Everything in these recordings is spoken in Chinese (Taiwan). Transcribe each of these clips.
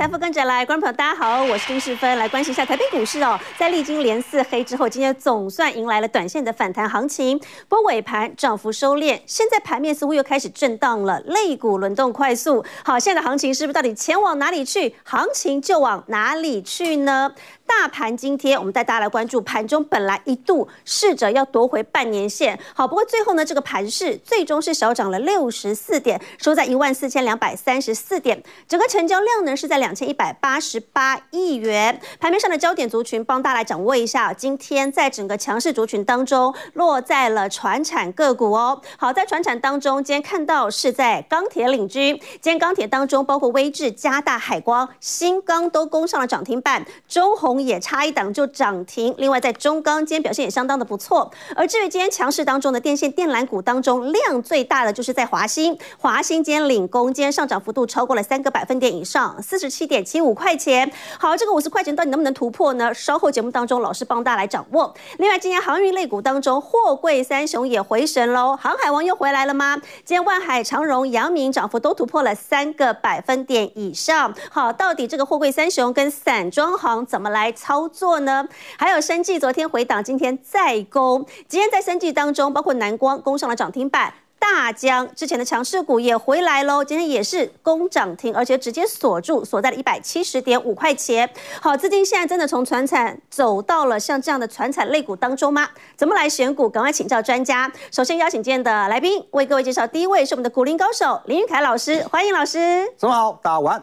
財富跟着來，觀眾朋友大家好，我是丁士芬，來關心一下台北股市哦。在歷經連四黑之後，今天總算迎來了短線的反彈行情。不過尾盤漲幅收斂，現在盤面似乎又開始震盪了，類股輪動快速。好，現在的行情是不是到底錢往哪裡去，行情就往哪裡去呢？大盤今天，我們帶大家來關注盤中本來一度試着要奪回半年線。好，不過最後呢，這個盤勢最終是小漲了六十四點，收在一萬四千兩百三十四點，整個成交量呢是在兩千一百八十八億元。盤面上的焦點族群，幫大家來掌握一下，今天在整個強勢族群當中，落在了傳產個股哦。好，在傳產當中，今天看到是在鋼鐵領軍，今天鋼鐵當中包括威致、加大、海光、新鋼都攻上了漲停板，中鴻。也差一檔就漲停。另外，在中鋼今天表現也相當的不錯。而至於今天強勢當中的電線電纜股當中，量最大的就是在華新。華新今天領工，今天上漲幅度超過了三個百分點以上，四十七點七五塊錢。好，這個五十塊錢到底能不能突破呢？稍後節目當中，老師幫大家來掌握。另外，今天航運類股當中，貨櫃三雄也回神嘍。航海王又回來了嗎？今天萬海、長榮、陽明漲幅都突破了三個百分點以上。好，到底這個貨櫃三雄跟散裝行怎麼來操作呢？還有生技，昨天回檔，今天再攻。今天在生技當中，包括南光攻上了漲停板，大江之前的強勢股也回來嘍，今天也是攻漲停，而且直接鎖住，鎖在了一百七十點五塊錢。好，資金現在真的從傳產走到了像這樣的傳產類股當中嗎？怎麼來選股？趕快請教專家。首先邀請今天的來賓為各位介紹，第一位是我們的股林高手林鈺凱老師，歡迎老師。早上好，打完？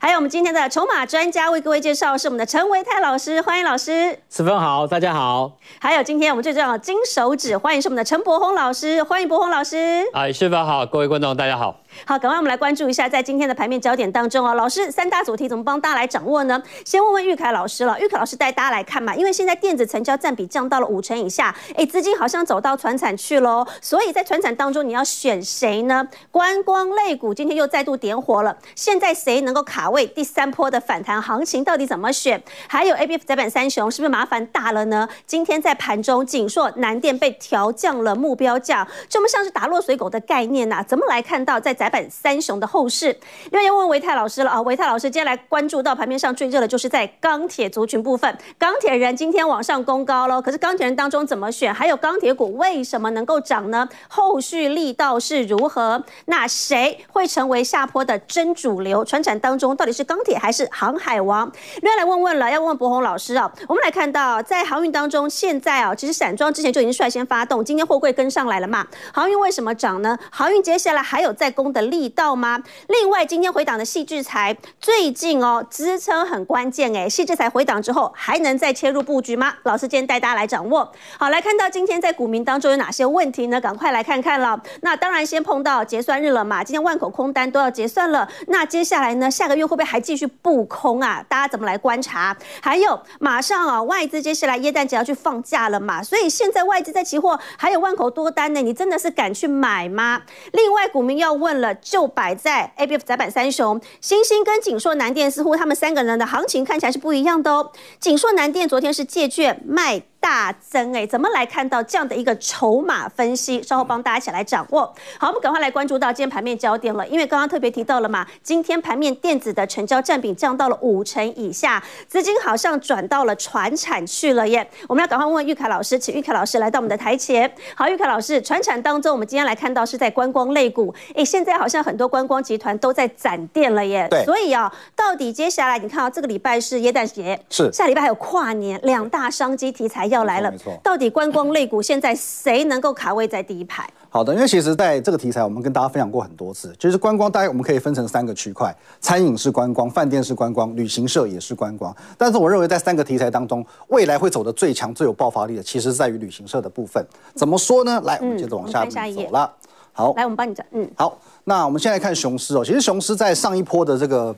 還有我們今天的籌碼專家為各位介紹，是我們的陳唯泰老師，歡迎老師。士芬好，大家好。還有今天我們最重要的金手指，歡迎是我們的陳柏宏老師，歡迎柏宏老師。哎、啊，士芬好，各位觀眾大家好。好，趕快我們來關注一下，在今天的盤面焦點當中哦，老師三大主題怎麼幫大家來掌握呢？先問問鈺凱老師了，鈺凱老師帶大家來看嘛，因為現在電子成交佔比降到了五成以下，哎、欸，資金好像走到傳產去咯。所以在傳產當中你要選誰呢？觀光類股今天又再度點火了，現在誰能夠卡位第三波的反彈行情？到底怎麼選？還有 ABF 載板三雄是不是麻煩大了呢？今天在盤中，景碩、南電被調降了目標價，這麼像是打落水狗的概念吶、啊？怎麼來看到在載板三雄的後市，又要問唯泰老師了啊！唯泰老師，今天來關注到盤面上最熱的就是在鋼鐵族群部分，鋼鐵人今天往上攻高了，可是鋼鐵人當中怎麼選？還有鋼鐵股為什麼能夠漲呢？後續力道是如何？那誰會成為下波的真主流？傳產當中到底是鋼鐵還是航海王？又要來問問了，要問柏宏老師啊！我們來看到在航運當中，現在啊，其實散裝之前就已經率先發動，今天貨櫃跟上來了嘛？航運為什麼漲呢？航運接下來還有在攻？的力道嗎？另外，今天回檔的矽智財最近哦，支撐很關鍵哎、欸。矽智財回檔之後，還能再切入布局嗎？老師今天帶大家來掌握。好，來看到今天在股民當中有哪些問題呢？趕快來看看了。那當然，先碰到結算日了嘛，今天萬口空單都要結算了。那接下來呢，下個月會不會還繼續布空啊？大家怎麼來觀察？還有，馬上啊、哦，外資接下來耶誕節要去放假了嘛，所以現在外資在期貨還有萬口多單呢、欸，你真的是敢去買嗎？另外，股民要問了。就擺在 ABF 載板三雄、欣興跟景碩南電，似乎他們三個人的行情看起來是不一樣的哦。景碩南電昨天是借券賣。大增哎、欸，怎麼來看到這樣的一個籌碼分析？稍後幫大家一起來掌握。好，我們趕快來關注到今天盤面焦點了，因為剛剛特別提到了嘛，今天盤面電子的成交占比降到了五成以下，資金好像轉到了傳產去了耶。我們要趕快問問鈺凱老師，請鈺凱老師來到我們的台前。好，鈺凱老師，傳產當中，我們今天來看到是在觀光類股，哎、欸，現在好像很多觀光集團都在展店了耶。對。所以啊、哦，到底接下來你看到、哦、這個禮拜是耶誕節，是下禮拜還有跨年兩大商機題材。要來了，沒錯。沒到底觀光類股現在誰能夠卡位在第一排？好的，因為其實在這個題材，我們跟大家分享過很多次，其、就、實、是、觀光，大概我們可以分成三個區塊：餐飲是觀光，飯店是觀光，旅行社也是觀光。但是我認為，在三個題材當中，未來會走的最強、最有爆發力的，其實在於旅行社的部分。怎麼說呢？來，我們接着往下,面、嗯、下走了。好，來，我們幫你講。嗯，好。那我們現在看雄獅哦。其實雄獅在上一波的這個、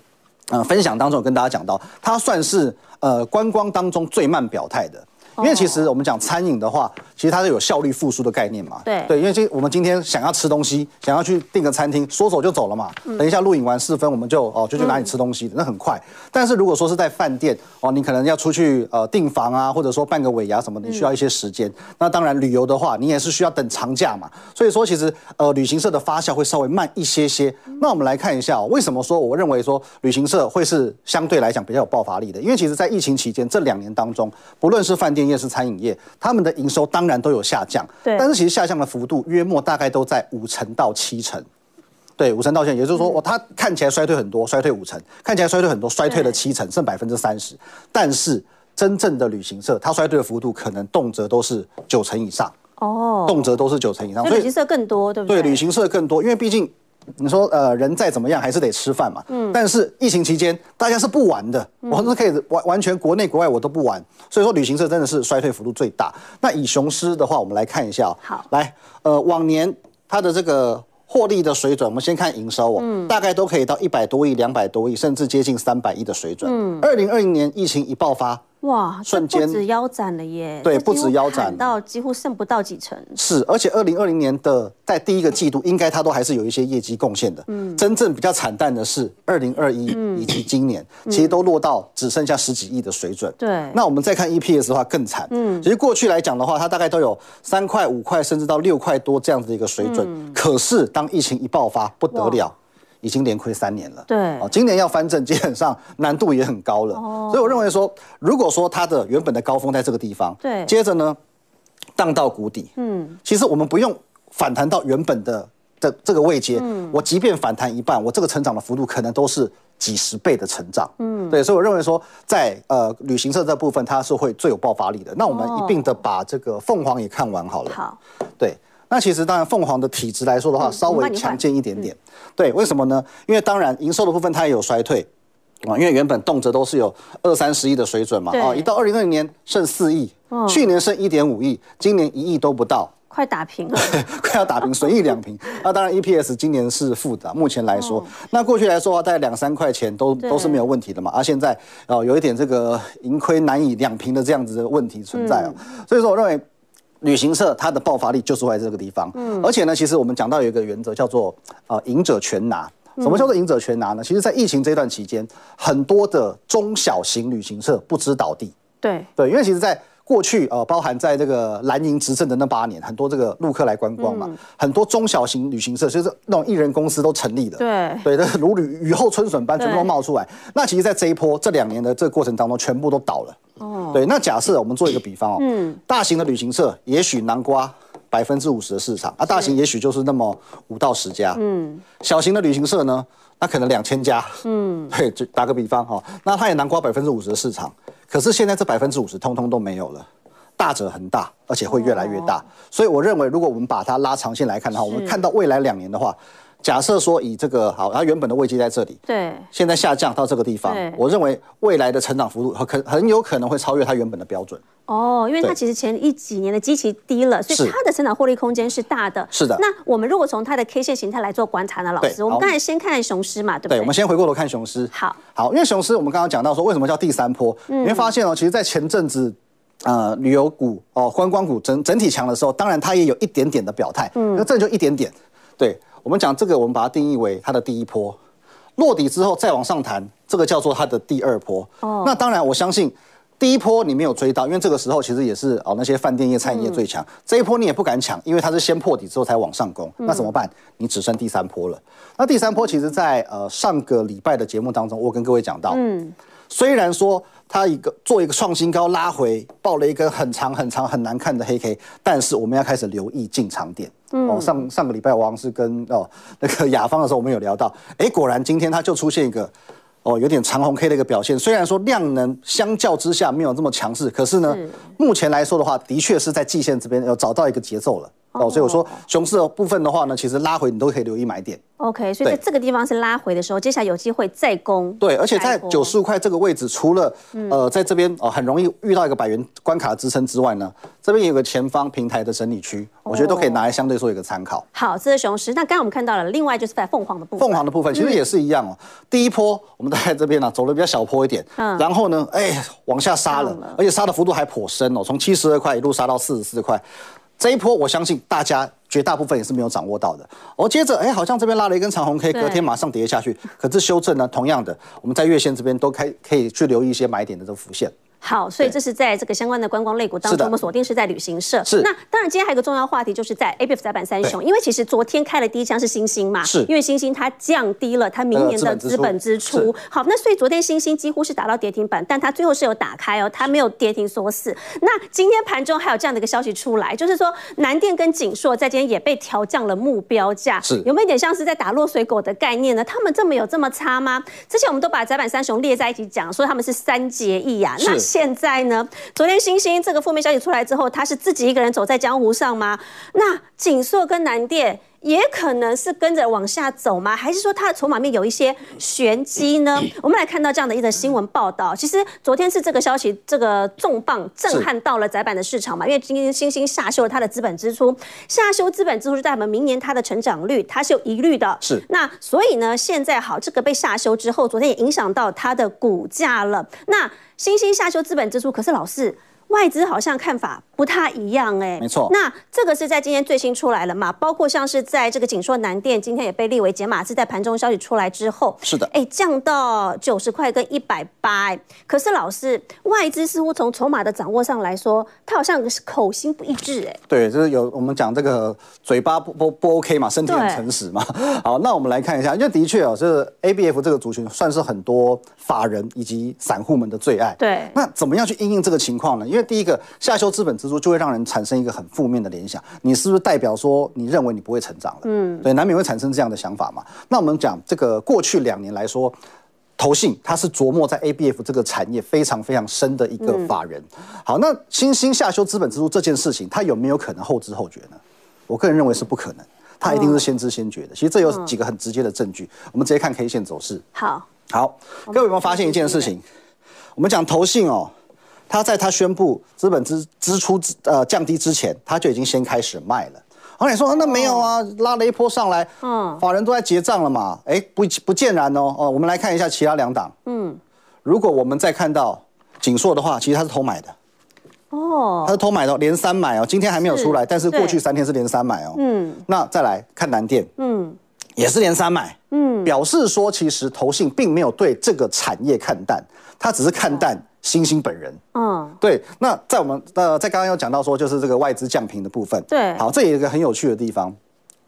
呃、分享當中，跟大家講到，它算是呃觀光當中最慢表態的。因為其實我們講餐飲的話，哦、其實它是有效率復甦的概念嘛。對對，因為今我們今天想要吃東西，想要去訂個餐廳，說走就走了嘛。等一下錄影完四分，我們就哦就去哪裡吃東西的，那很快。但是如果說是在飯店哦，你可能要出去呃訂房啊，或者說辦個尾牙、啊、什麼的，你需要一些時間。嗯、那當然旅遊的話，你也是需要等長假嘛。所以說其實呃旅行社的發酵會稍微慢一些些。那我們來看一下、哦，為什麼說我認為說旅行社會是相對來講比較有爆發力的？因為其實，在疫情期間這兩年當中，不論是飯店。營業是餐飲業，他們的營收當然都有下降，對但是其實下降的幅度約莫大概都在五成到七成，對，五成到七成，也就是說，哦，它看起來衰退很多，衰退五成，看起來衰退很多，衰退了七成，對剩百分之三十，但是真正的旅行社，它衰退的幅度可能動輒都是九成以上，哦，oh, 動輒都是九成以上，所以旅行社更多，對不對？對，旅行社更多，因為畢竟。你說呃，人再怎麼樣還是得吃飯嘛。嗯、但是疫情期間，大家是不玩的，嗯、我是可以完完全國內國外我都不玩，所以說旅行社真的是衰退幅度最大。那以雄獅的話，我們來看一下、哦。好，來呃，往年它的這個獲利的水準，我們先看營收哦，嗯、大概都可以到一百多億、兩百多億，甚至接近三百億的水準。二零二零年疫情一爆發。哇，瞬間不止腰斬了耶！對，不止腰斬，到幾乎剩不到幾成。是，而且二零二零年的在第一個季度，應該它都還是有一些業績貢獻的。嗯，真正比較慘淡的是二零二一以及今年，嗯、其實都落到只剩下十幾億的水準。對、嗯，那我們再看 EPS 的話更慘。嗯，其實過去來講的話，它大概都有三塊、五塊，甚至到六塊多這樣子的一個水準。嗯，可是當疫情一爆發，不得了。已經連虧三年了，對、哦、今年要翻正，基本上難度也很高了。哦、所以我認為說，如果說它的原本的高峰在這個地方，對，接着呢，盪到谷底，嗯，其實我們不用反彈到原本的的這個位階，嗯，我即便反彈一半，我這個成長的幅度可能都是幾十倍的成長，嗯，對，所以我認為說在，在呃旅行社這部分，它是會最有爆發力的。哦、那我們一併的把這個鳳凰也看完好了，好、哦，對。那其實當然，鳳凰的體質來說的話，稍微強健一點點。對，為什麼呢？因為當然，營收的部分它也有衰退啊，因為原本動輒都是有二三十億的水準嘛，啊，一到二零二零年剩四億，去年剩一點五億，今年一億都不到，快打平了，快要打平，損益兩平、啊。那當然，EPS 今年是負的，目前來說，那過去來說大概兩三塊錢都都是沒有問題的嘛、啊，而現在啊，有一點這個盈虧難以兩平的這樣子的問題存在啊，所以說我認為。旅行社它的爆發力就是在這個地方，嗯，而且呢，其實我們講到有一個原則叫做啊“呃、贏者全拿”。什麼叫做“贏者全拿”呢？嗯、其實，在疫情這段期間，很多的中小型旅行社不知倒地。對對，因為其實在過去呃，包含在這個藍營執政的那八年，很多這個陸客來觀光嘛，嗯、很多中小型旅行社就是那種藝人公司都成立的，對對，對就是，如雨雨後春筍般全部都冒出來。對那其實在這一波這兩年的這個過程當中，全部都倒了。對，那假設我們做一個比方哦，嗯、大型的旅行社也許囊括百分之五十的市場，是啊，大型也許就是那麼五到十家，嗯、小型的旅行社呢，那可能兩千家，嗯、對，就打個比方哈、哦，那它也囊括百分之五十的市場，可是現在這百分之五十通通都沒有了，大者恆大，而且會越來越大，哦、所以我認為如果我們把它拉長線來看的話，是我們看到未來兩年的話。假設說以這個好，它原本的位置在這裡，對，現在下降到這個地方，對我認為未來的成長幅度很很有可能會超越它原本的標準。哦，因為它其實前一幾年的基期低了，對所以它的成長獲利空間是大的。是的。那我們如果從它的 K 線形態來做觀察的、啊、老師，我們剛才先看雄獅嘛，對不對？對，我們先回過頭看雄獅。好好，因為雄獅我們剛剛講到說為什麼叫第三波，嗯、你會發現哦、喔，其實，在前陣子呃旅遊股哦觀光股整整體強的時候，當然它也有一點點的表態，嗯，那這就一點點，對。我們講這個，我們把它定義為它的第一波，落底之後再往上彈，這個叫做它的第二波。那當然我相信，第一波你沒有追到，因為這個時候其實也是哦，那些飯店業、餐飲業最強這一波你也不敢搶，因為它是先破底之後才往上攻。那怎麼辦？你只剩第三波了。那第三波其實，在呃上個禮拜的節目當中，我跟各位講到。雖然說它一個做一個創新高拉回爆了一根很長很長很難看的黑 K，但是我們要開始留意進場點。哦，上上個禮拜我好像是跟哦那個雅芳的時候，我們有聊到，哎、欸，果然今天它就出現一個哦有點長紅 K 的一個表現。雖然說量能相較之下沒有這麼強勢，可是呢，嗯、目前來說的話，的確是在季線這邊有找到一個節奏了。哦，所以我說，熊市的部分的話呢，其實拉回你都可以留意買點。OK，所以在這個地方是拉回的時候，對接下來有機會再攻。對，而且在九十五塊這個位置，除了、嗯、呃，在這邊哦、呃，很容易遇到一個百元關卡的支撐之外呢，這邊也有個前方平台的整理區，哦、我覺得都可以拿來相對做一個參考。好，這是熊市。那剛剛我們看到了，另外就是在鳳凰的部分，鳳凰的部分，其實也是一樣哦。嗯、第一波我們在這邊呢、啊，走的比較小坡一點，嗯，然後呢，哎、欸，往下殺了，而且殺的幅度還頗深哦，從七十二塊一路殺到四十四塊。這一波，我相信大家絕大部分也是沒有掌握到的。哦，接着，哎、欸，好像這邊拉了一根長紅 K，對隔天馬上跌下去。可是修正呢？同樣的，我們在月線這邊都開可,可以去留意一些買點的這個浮現。好，所以這是在這個相關的觀光類股當中，我們鎖定是在旅行社。那當然，今天還有一個重要話題，就是在 ABF 載板三雄，對因為其實昨天開了第一槍是星星嘛，是。因為星星它降低了它明年的資本支出。啊、支出，好，那所以昨天星星幾乎是打到跌停板，但它最後是有打開哦，它沒有跌停鎖死。那今天盤中還有這樣的一個消息出來，就是說南電跟景碩在今天也被調降了目標價，是有沒有一點像是在打落水狗的概念呢？他們這麼有這麼差嗎？之前我們都把載板三雄列在一起講，說他們是三結義呀、啊，那。現在呢？昨天欣興這個負面消息出來之後，他是自己一個人走在江湖上嗎？那景碩跟南電，也可能是跟着往下走嗎？還是說它的籌碼面有一些玄機呢？嗯嗯嗯、我們來看到這樣的一則新聞報道。嗯、其實昨天是這個消息，這個重磅震撼到了載板的市場嘛。是因為今天欣興下修了它的資本支出，下修資本支出，就代表明年它的成長率它是有疑慮的。是，那所以呢，現在好，這個被下修之後，昨天也影響到它的股價了。那欣興下修資本支出，可是老師，外資好像看法不太一樣，哎、欸，沒錯錯。那這個是在今天最新出來了嘛？包括像是在這個景碩、南電，今天也被列為解碼，是在盤中消息出來之後，是的，哎、欸，降到九十塊跟一百八。可是老師，外資似乎從籌碼的掌握上來說，它好像是口心不一致哎、欸。對，就是有我們講這個嘴巴不不，不 OK 嘛，身體很誠實嘛。對好，那我們來看一下，因為的確哦，就是 ABF 這個族群算是很多法人以及散戶們的最愛。對，那怎麼樣去因應這個情況呢？因為因為第一個下修資本支出，就會讓人產生一個很負面的聯想，你是不是代表說你認為你不會成長了？嗯，對，難免會產生這樣的想法嘛。那我們講這個過去兩年來說，投信它是琢磨在 ABF 這個產業非常非常深的一個法人。嗯、好，那欣興下修資本支出這件事情，它有沒有可能後知後覺呢？我個人認為是不可能，它一定是先知先覺的。嗯、其實這有幾個很直接的證據，我們直接看 K 線走勢。好，好，各位有沒有發現一件事情？我們講投信哦。他在他宣布資本支支出呃降低之前，他就已經先開始賣了。好、啊、你說那沒有啊，哦、拉了一波上來，嗯、哦，法人都在結賬了嘛？哎、欸，不不，見然哦。哦，我們來看一下其他兩檔嗯，如果我們再看到景碩的話，其實他是偷買的。哦，他是偷買的、哦，連三買哦。今天還沒有出來，是但是過去三天是連三買哦。嗯對，那再來看南電。嗯，也是連三買。嗯，表示說其實投信並沒有對這個產業看淡，他只是看淡。哦星星本人，嗯，對，那在我們呃，在剛剛有講到說，就是這個外資降評的部分，對，好，這也有個很有趣的地方。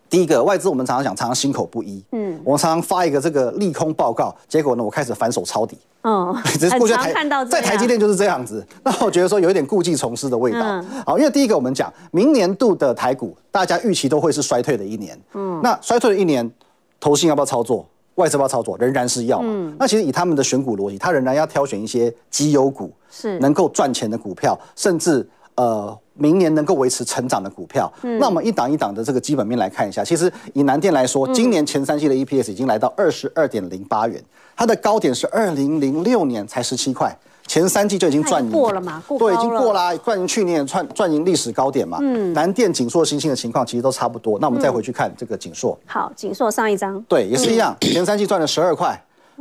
第一個，外資我們常常講，常常心口不一，嗯，我常常發一個這個利空報告，結果呢，我開始反手抄底，嗯，只是在台很常看到在台積電就是這樣子。那我覺得說有一點故技重施的味道。嗯、好，因為第一個我們講明年度的台股，大家預期都會是衰退的一年，嗯，那衰退的一年，投信要不要操作？外資包操作仍然是要，嗯、那其實以他們的選股邏輯，他仍然要挑選一些績優股，是能夠賺錢的股票，甚至呃明年能夠維持成長的股票。嗯、那我們一檔一檔的這個基本面來看一下，其實以南電來說，今年前三季的 EPS 已經來到二十二點零八元，它的高點是二零零六年才十七塊。前三季就已經賺贏過了嘛，都已經過啦，賺贏去年賺賺贏歷史高點嘛。嗯，南電、景碩、欣興的情況其實都差不多。那我們再回去看這個景碩、嗯。好，景碩上一張。對，也是一樣，嗯、前三季賺了十二塊，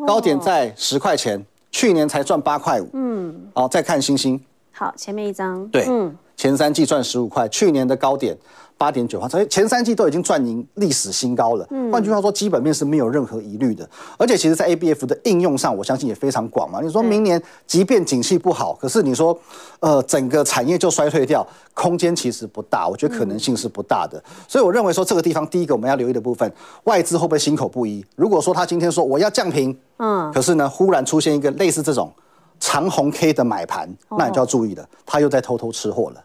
高、哦、點在十塊錢，去年才賺八塊五。嗯。好，再看欣興。好，前面一張。對，嗯、前三季賺十五塊，去年的高點。八點九換，所以前三季都已經賺贏歷史新高了。換句話說，基本面是沒有任何疑慮的。而且其實，在 ABF 的應用上，我相信也非常廣嘛。你說明年即便景氣不好，可是你說，呃，整個產業就衰退掉，空間其實不大。我覺得可能性是不大的。所以我認為說，這個地方第一個我們要留意的部分，外資會不會心口不一？如果說他今天說我要降評，嗯，可是呢，忽然出現一個類似這種長紅 K 的買盤，那你就要注意了，他又在偷偷吃貨了。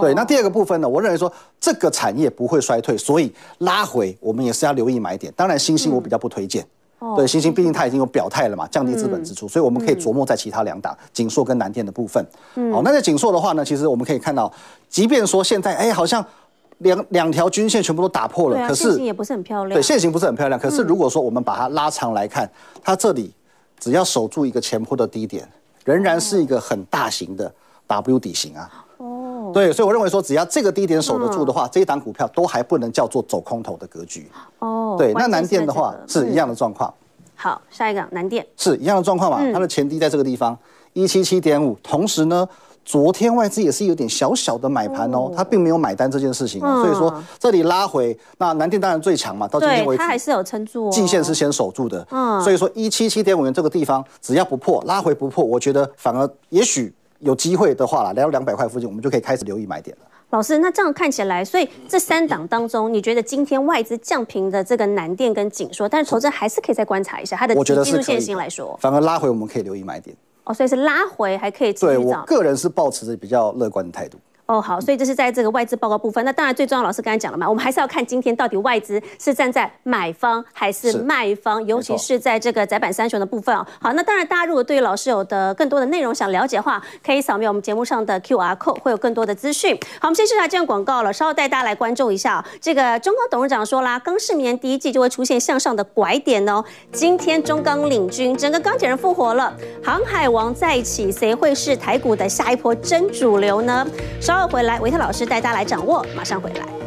對，那第二個部分呢，我認為說這個產業不會衰退，所以拉回我們也是要留意買點。當然，欣興我比較不推薦，嗯哦、對欣興，畢竟它已經有表態了嘛，降低資本支出，嗯、所以我們可以琢磨在其他兩檔、嗯、景碩跟南電的部分。嗯、好，那在景碩的話呢，其實我們可以看到，即便說現在哎、欸，好像兩兩條均線全部都打破了，啊、可是線型也不是很漂亮，對，線型不是很漂亮。可是如果說我們把它拉長來看，嗯、它這裡只要守住一個前波的低點，仍然是一個很大型的 W 底型啊。哦對，所以我認為說，只要這個低點守得住的話，這一檔股票都還不能叫做走空頭的格局。對，那南電的話是一樣的狀況。好，下一個南電是一樣的狀況嘛？它的前低在這個地方一七七點五，同時呢，昨天外資也是有點小小的買盤哦，它並沒有買單這件事情，所以說這裡拉回，那南電當然最強嘛。到今天為止，它還是有撐住，季線是先守住的。嗯，所以說一七七點五元這個地方只要不破，拉回不破，我覺得反而也許。有機會的話啦，來到兩百塊附近，我們就可以開始留意買點了。老師，那這樣看起來，所以這三檔當中， 你覺得今天外資降評的這個南電跟景碩，但是投資還是可以再觀察一下得它的技術線型，來說，反而拉回我們可以留意買點。哦，所以是拉回還可以。對，我個人是抱持着比較樂觀的態度。哦，好，所以這是在這個外資報告部分。那當然，最重要，老師剛才講了嘛，我們還是要看今天到底外資是站在買方還是賣方，是尤其是在這個載板三雄的部分哦。是好，那當然，大家如果對於老師有的更多的內容想了解的話，可以掃描我們節目上的 QR code，會有更多的資訊。好，我們先試下這段廣告了，稍後帶大家來關注一下這個中鋼董事長說啦，鋼市明年第一季就會出現向上的拐點哦。今天中鋼領軍，整個鋼鐵人復活了，航海王再起，誰會是台股的下一波真主流呢？稍。馬上回來，唯泰老師帶大家來掌握。馬上回來。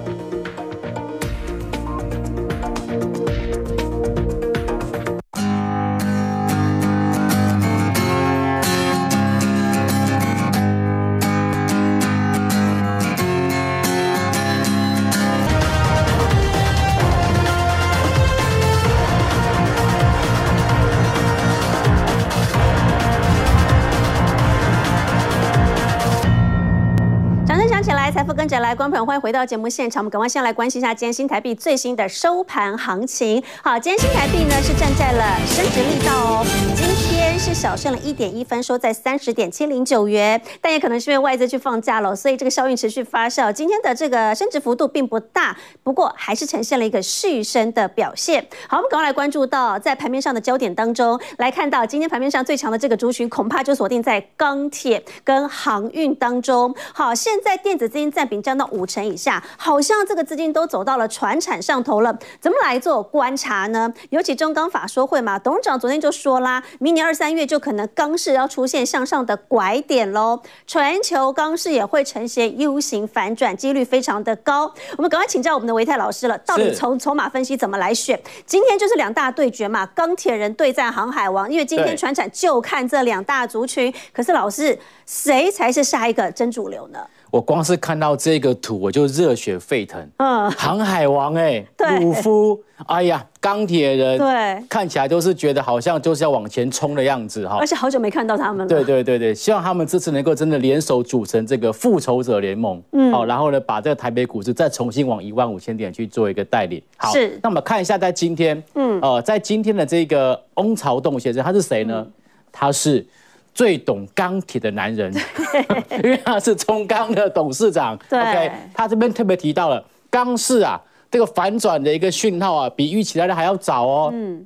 接下來，觀眾朋友，歡迎回到節目現場。我們趕快先來關心一下今天新台幣最新的收盤行情。好，今天新台幣呢是站在了升值力道哦。今天。真是小升了一點一分，收在三十點七零九元，但也可能是因為外資去放假了，所以這個效應持續發酵。今天的這個升值幅度並不大，不過還是呈現了一個續升的表現。好，我們趕快來關注到在盤面上的焦點當中，來看到今天盤面上最強的這個族群，恐怕就鎖定在鋼鐵跟航運當中。好，現在電子資金佔比降到五成以下，好像這個資金都走到了傳產上頭了。怎麼來做觀察呢？尤其中鋼法說會嘛，董事長昨天就說啦，明年二。三月就可能鋼市要出現向上的拐點嘍，全球鋼市也會呈現 U 型反轉，幾率非常的高。我們趕快請教我們的唯泰老師了，到底從籌碼分析怎麼來選？是今天就是兩大對決嘛，鋼鐵人對戰航海王，因為今天傳產就看這兩大族群。對可是老師，誰才是下一個真主流呢？我光是看到這個圖，我就熱血沸騰。嗯，航海王哎、欸，對，魯夫，哎呀，鋼鐵人，對，看起來都是覺得好像就是要往前衝的樣子哈。而且好久沒看到他們了。對對對對，希望他們這次能夠真的聯手組成這個復仇者聯盟。嗯，好，然後呢，把這個台北股市再重新往一萬五千點去做一個帶領。好，是那我們看一下，在今天，嗯，呃，在今天的這個翁朝棟先生，他是誰呢？嗯、他是。最懂鋼鐵的男人， 因為他是中鋼的董事長。對，他這邊特別提到了鋼市啊，這個反轉的一個訊號啊，比預期來的還要早哦。嗯，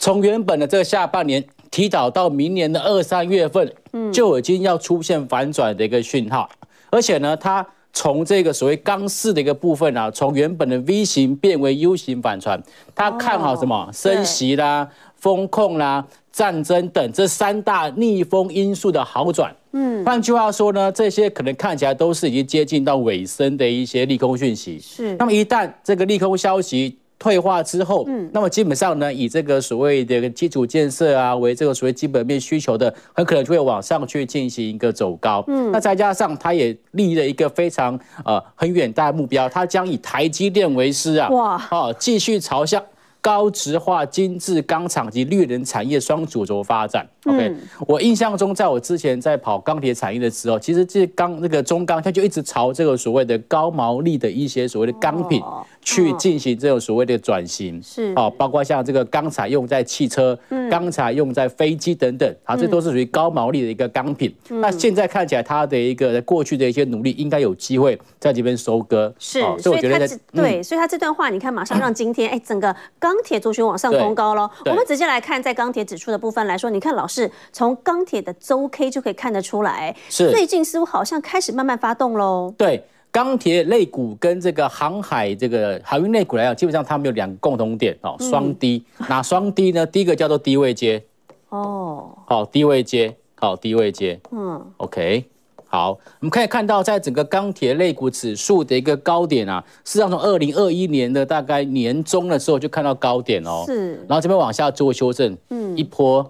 從原本的這個下半年提早到明年的二三月份，就已經要出現反轉的一個訊號。而且呢，他從這個所謂鋼市的一個部分啊，從原本的 V 型變為 U 型反轉，他看好什麼？升息啦。哦，升息啦風控啦、啊、戰爭等這三大逆風因素的好轉，嗯，換句話說呢，這些可能看起來都是已經接近到尾聲的一些利空訊息。是，那麼一旦這個利空消息退化之後，嗯，那麼基本上呢，以這個所謂的基礎建設啊，為這個所謂基本面需求的，很可能就會往上去進行一個走高。嗯，那再加上它也立了一個非常呃很遠大的目標，它將以台積電為師啊，哇，哦，繼續朝向。高值化、精緻鋼廠及綠能產業雙主軸發展。OK，我印象中，在我之前在跑鋼鐵產業的時候，其實這鋼那個中鋼，它就一直朝這個所謂的高毛利的一些所謂的鋼品去進行這種所謂的轉型，是哦，包括像這個鋼材用在汽車，鋼材用在飛機等等，啊，這都是屬於高毛利的一個鋼品。那現在看起來，它的一個過去的一些努力，應該有機會在這邊收割。是，所以我覺得他是，對，所以他這段話，你看，馬上讓今天哎整個鋼鐵族群往上攻高了。我們直接來看，在鋼鐵指數的部分來說，你看老。是從鋼鐵的周 K 就可以看得出來，是最近似乎好像開始慢慢發動嘍。對鋼鐵類股跟這個航海這個海運類股來講，基本上它們有兩個共同點哦，雙低。那雙、嗯、低呢？第一個叫做低位階，哦哦，哦，好低位階，好低位階，嗯，OK，好，我們可以看到在整個鋼鐵類股指數的一個高點啊，實際上從二零二一年的大概年中的時候就看到高點哦，是，然後這邊往下做修正，嗯，一波。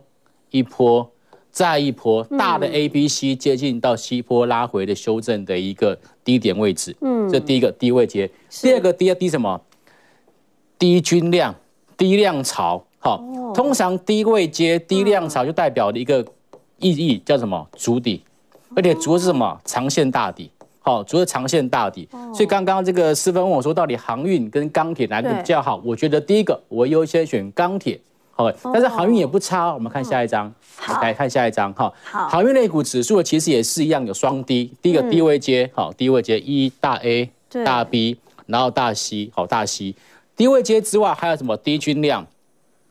一波，再一波大的 A BC,、嗯、B、C 接近到西坡拉回的修正的一個低點位置，嗯，這第一個低位階，第二個低低什麼？低均量，低量潮，好、哦，哦、通常低位階低量潮就代表的一個意義，嗯、叫什麼？築底，而且築是什麼？長線大底，好、哦，築是長線大底，哦、所以剛剛這個士芬問我說，到底航運跟鋼鐵哪個比較好？對我覺得第一個我優先選鋼鐵。但是航運也不差，哦、我們看下一張，哦、來看下一張哈。好航運類股指數其實也是一樣有雙低，好第一個低位階，好、嗯、低位階一大 A, A B, 對、大 B，然後大 C，好大 C。低位階之外還有什麼低均量？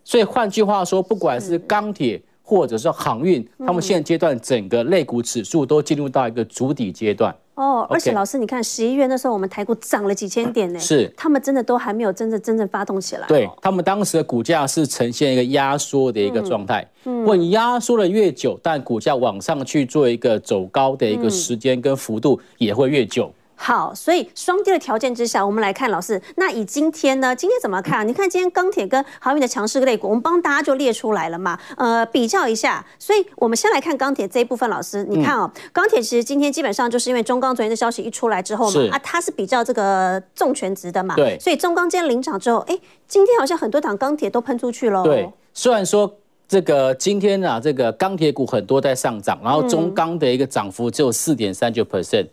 所以換句話說，不管是鋼鐵或者是航運，是他們現階段整個類股指數都進入到一個主底階段。哦，oh, Okay. 而且老師，你看十一月那時候，我們台股漲了幾千點呢。是，他們真的都還沒有真正真正發動起來、哦。對，他們當時的股價是呈現一個壓縮的一個狀態，問壓縮的越久，但股價往上去做一個走高的一個時間跟幅度也會越久。嗯。好，所以雙跌的條件之下，我們來看老師。那以今天呢？今天怎麼看？你看今天鋼鐵跟航運的強勢類股，嗯、我們幫大家就列出來了嘛。呃，比較一下，所以我們先來看鋼鐵這一部分。老師，你看哦，鋼鐵、嗯、其實今天基本上就是因為中鋼昨天的消息一出來之後嘛，是啊，它是比較這個重權值的嘛，對所以中鋼今天領漲之後，哎、欸，今天好像很多檔鋼鐵都噴出去嘍。對、雖然說。這個今天啊，這個鋼鐵股很多在上漲，然後中鋼的一個漲幅只有四點三九 percent，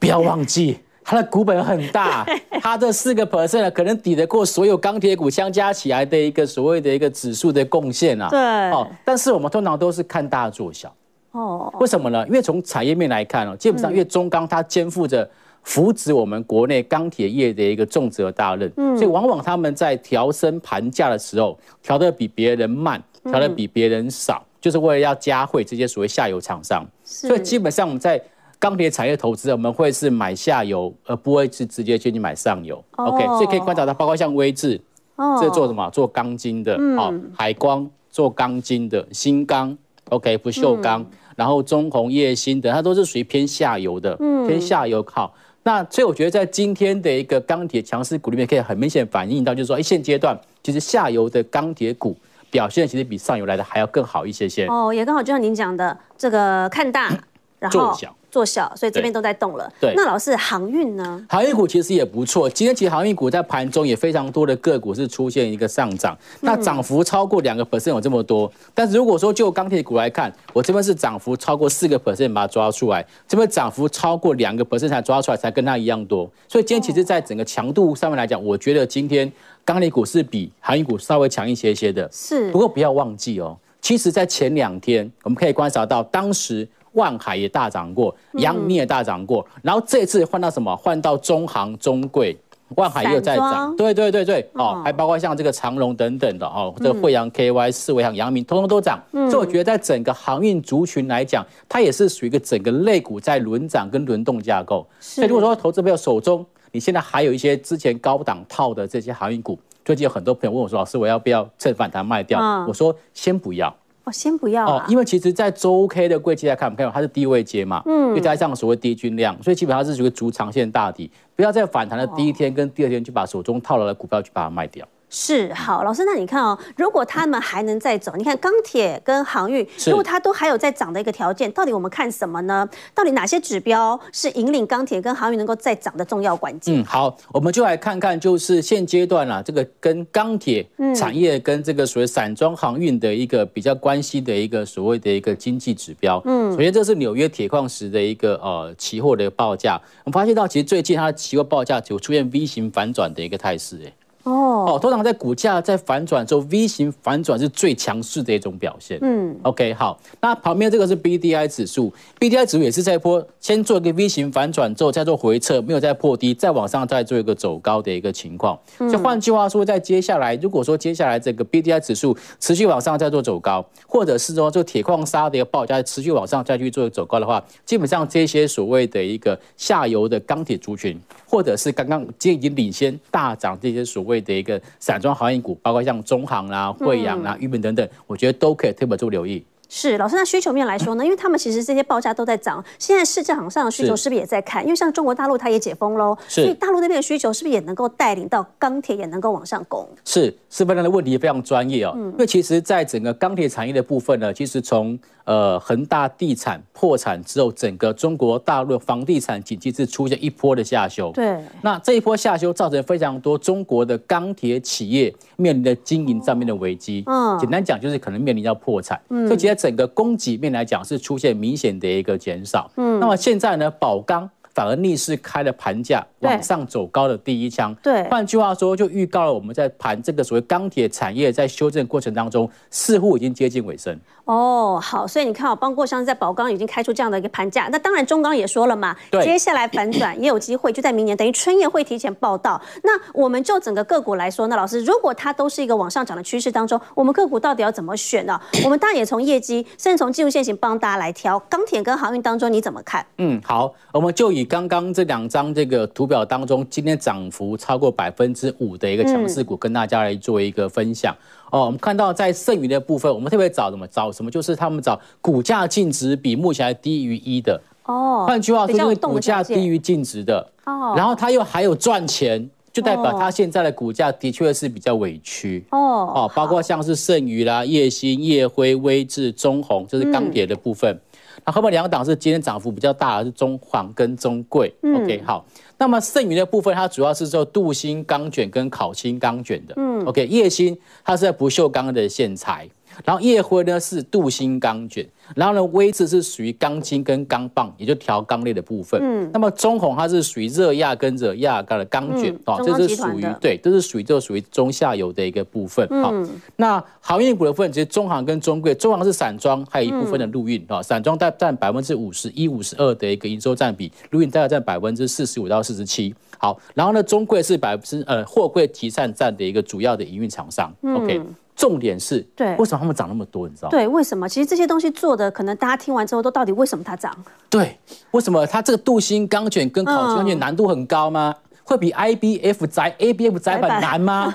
不要忘記對它的股本很大，對它這四個 percent 可能抵得過所有鋼鐵股相加起來的一個所謂的一個指數的貢獻啊。對，哦，但是我們通常都是看大做小。哦，為什麼呢？因為從產業面來看哦，基本上因為中鋼它肩負着。扶植我們國內鋼鐵業的一個重責大任，嗯、所以往往他們在調升盤價的時候，調得比別人慢，調得比別人少，嗯、就是為了要嘉惠這些所謂下游廠商。是所以基本上我們在鋼鐵產業投資，我們會是買下游，而不會是直接去買上游。哦、OK，所以可以觀察到，包括像威致，哦、這是做什麼？做鋼筋的。嗯、哦。海光做鋼筋的，新鋼 OK，不鏽鋼，嗯、然後中鴻、燁興的，它都是屬於偏下游的，嗯，偏下游靠。那所以我覺得，在今天的一個鋼鐵強勢股裡面，可以很明顯反映到，就是說，哎，現階段其實下游的鋼鐵股表現其實比上游來的還要更好一些些。哦，也剛好就像您講的，這個看大，然後。做小，所以這邊都在動了。對，那老師航運呢？對 航運股其實也不錯。今天其實航運股在盤中也非常多的個股是出現一個上漲，那漲幅超過兩個 percent 有這麼多。但是如果說就鋼鐵股來看，我這邊是漲幅超過四個 percent 把它抓出來，這邊漲幅超過兩個 percent 才抓出來才跟它一樣多。所以今天其實，在整個強度上面來講，我覺得今天鋼鐵股是比航運股稍微強一些些的。是。不過不要忘記哦、喔，其實，在前兩天我們可以觀察到當時。萬海也大漲過，陽明也大漲過，嗯、然後這次換到什麼？換到中航中櫃、萬海又在漲，對裝對對對，哦，哦還包括像這個長榮等等的哦，哦這個慧洋 KY 四、四維和陽明，通通都漲。嗯、所以我覺得在整個航運族群來講，嗯、它也是屬於一個整個類股在輪漲跟輪動架構。是所以如果說投資朋友手中你現在還有一些之前高檔套的這些航運股，最近有很多朋友問我說：“老師，我要不要趁反彈賣掉？”哦、我說：“先不要。”哦、先不要、啊哦，因為其實，在周 K 的貴期來看，我們看到它是低位階嘛，嗯，又加上所謂低均量，所以基本上它是屬於築長線大底，不要在反彈的第一天跟第二天就把手中套牢的股票去把它賣掉。哦是好，老師，那你看哦，如果他們還能再走，你看鋼鐵跟航運，是如果它都還有在漲的一個條件，到底我們看什麼呢？到底哪些指標是引領鋼鐵跟航運能夠再漲的重要關鍵？嗯，好，我們就來看看，就是現階段啦、啊，這個跟鋼鐵產業跟這個所謂散裝航運的一個比較關係的一個所謂的一個經濟指標。嗯，首先這是紐約鐵礦石的一個呃期貨的報價，我們發現到其實最近它的期貨報價就出現 V 型反轉的一個態勢，誒哦，通常在股價在反轉之後，V 型反轉是最強勢的一種表現。嗯，OK，好，那旁邊這個是 BDI 指數，BDI 指數也是在坡，先做一個 V 型反轉之後再做回撤，沒有再破低，再往上再做一個走高的一個情況。就換句話說，在接下來，如果說接下來這個 BDI 指數持續往上再做走高，或者是說就鐵礦砂的一個報價持續往上再去做一個走高的話，基本上這些所謂的一個下游的鋼鐵族群。或者是剛剛今天已經領先大漲這些所謂的一個散裝航業股，包括像中航啦、慧洋啊、裕民、啊嗯、等等，我覺得都可以特別做留意。是老師，那需求面來說呢？嗯、因為他們其實這些報價都在漲，現在市場上的需求是不是也在看？是因為像中國大陸它也解封嘍，是所以大陸那邊的需求是不是也能夠帶領到鋼鐵也能夠往上攻？是，是，不是非常的問題，非常專業啊。因為其實，在整個鋼鐵產業的部分呢，其實從呃，恆大地產破產之後，整個中國大陸房地產景氣是出現一波的下修。對，那這一波下修造成非常多中國的鋼鐵企業面臨的經營上面的危機。嗯、哦，簡單講就是可能面臨到破產。嗯，所以其實整個供給面來講是出現明顯的一個減少。嗯，那麼現在呢，寶鋼反而逆勢開了盤價。往上走高的第一槍，對，換句話說，就預告了我們在盤這個所謂鋼鐵產業在修正過程當中，似乎已經接近尾聲。哦，好，所以你看，我幫過商在寶鋼已經開出這樣的一個盤價，那當然中鋼也說了嘛，對接下來反轉也有機會，咳咳就在明年，等於春燕會提前報到。那我們就整個個股來說，那老師如果它都是一個往上漲的趨勢當中，我們個股到底要怎麼選呢、啊？咳咳我們當然也從業績，甚至從技術線型幫大家來挑鋼鐵跟航運當中你怎麼看？嗯，好，我們就以剛剛這兩張這個圖。表、嗯、當中，今天漲幅超過百分之五的一個強勢股，跟大家來做一個分享哦。我們看到在盛餘的部分，我們特別找什麼找什麼，就是他們找股價淨值比目前還低於一的哦。換句話說，因為股價低於淨值的哦，的哦然後它又還有賺錢，就代表它現在的股價的確是比較委屈哦。哦，包括像是盛餘啦，燁興好、燁輝、威致、中鴻就是鋼鐵的部分。那、嗯、後面兩檔是今天漲幅比較大的是中航跟中櫃。嗯、OK，好。那麼剩餘的部分，它主要是做鍍鋅鋼卷跟烤漆鋼卷的、OK。嗯，OK，燁興它是在不鏽鋼的線材。然後燁輝呢是鍍鋅鋼卷，然後呢威致是屬於鋼筋跟鋼棒，也就條鋼類的部分。嗯，那麼中鴻它是屬於熱軋跟熱軋鋼的鋼卷哦，嗯、這是屬於對，這是屬於都屬於中下游的一個部分。嗯哦、那航運股的部分，其實中航跟中櫃，中航是散裝，還有一部分的陸運啊，散裝大概占百分之五十一、五十二的一個營收占比，陸運大概占百分之四十五到四十七。好，然後呢中櫃是百分之呃貨櫃集散站的一個主要的營運廠商。嗯、OK。重點是，對，為什麼他們漲那麼多？你知道嗎？對，為什麼？其實這些東西做的，可能大家聽完之後都到底為什麼它漲？對，為什麼它這個鍍鋅鋼捲跟烤漆鋼捲難度很高嗎？會比 I B F 載 A B F 載板難嗎？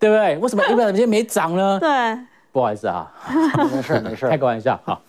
對不對？為什麼 A B F 今天沒漲呢？對，不好意思啊，沒事沒事，開個玩笑，好，